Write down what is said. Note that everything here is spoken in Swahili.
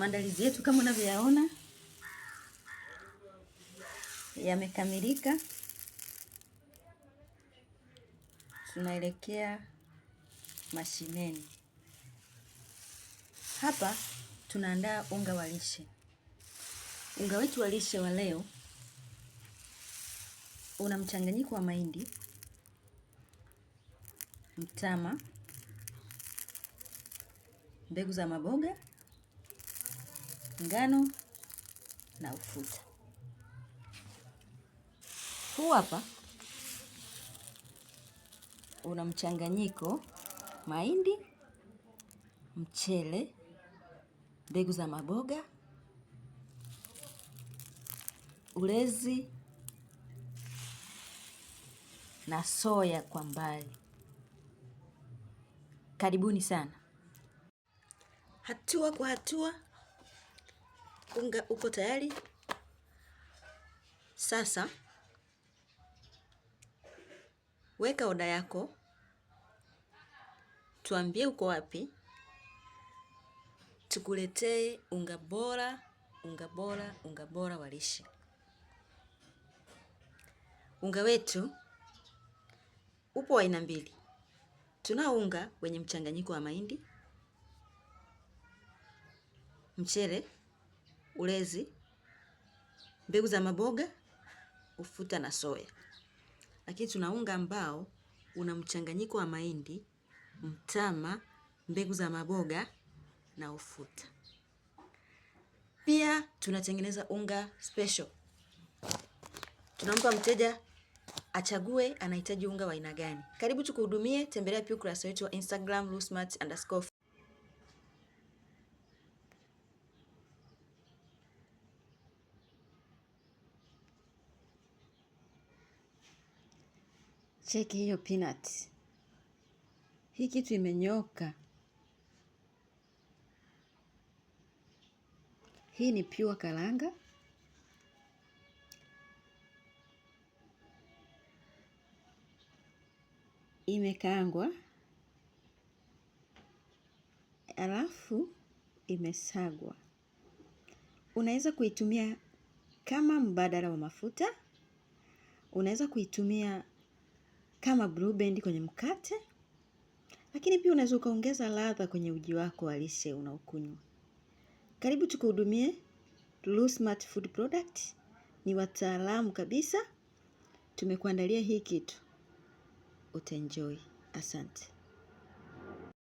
maandalizi yetu kama unavyoyaona yamekamilika. Tunaelekea mashineni. Hapa tunaandaa unga wa lishe. Unga wetu wa lishe wa leo una mchanganyiko wa mahindi, mtama, mbegu za maboga ngano na ufuta. Huu hapa una mchanganyiko mahindi, mchele, mbegu za maboga, ulezi na soya kwa mbali. Karibuni sana. Hatua kwa hatua Unga uko tayari. Sasa weka oda yako, tuambie uko wapi, tukuletee unga bora, unga bora, unga bora wa lishe. Unga wetu upo aina mbili. Tunao unga wenye mchanganyiko wa mahindi, mchele ulezi, mbegu za maboga, ufuta na soya. Lakini tuna unga ambao una mchanganyiko wa mahindi, mtama, mbegu za maboga na ufuta. Pia tunatengeneza unga special. Tunampa mteja achague anahitaji unga wa aina gani. Karibu tukuhudumie. Tembelea pia ukurasa wetu wa Instagram lusmart_. Cheki hiyo peanut. Hii kitu imenyoka. Hii ni pure karanga. imekangwa alafu imesagwa. Unaweza kuitumia kama mbadala wa mafuta, unaweza kuitumia kama Blue Band kwenye mkate, lakini pia unaweza ukaongeza ladha kwenye uji wako wa lishe unaokunywa. Karibu tukuhudumie. Blue Smart Food Product ni wataalamu kabisa, tumekuandalia hii kitu, utaenjoy. Asante.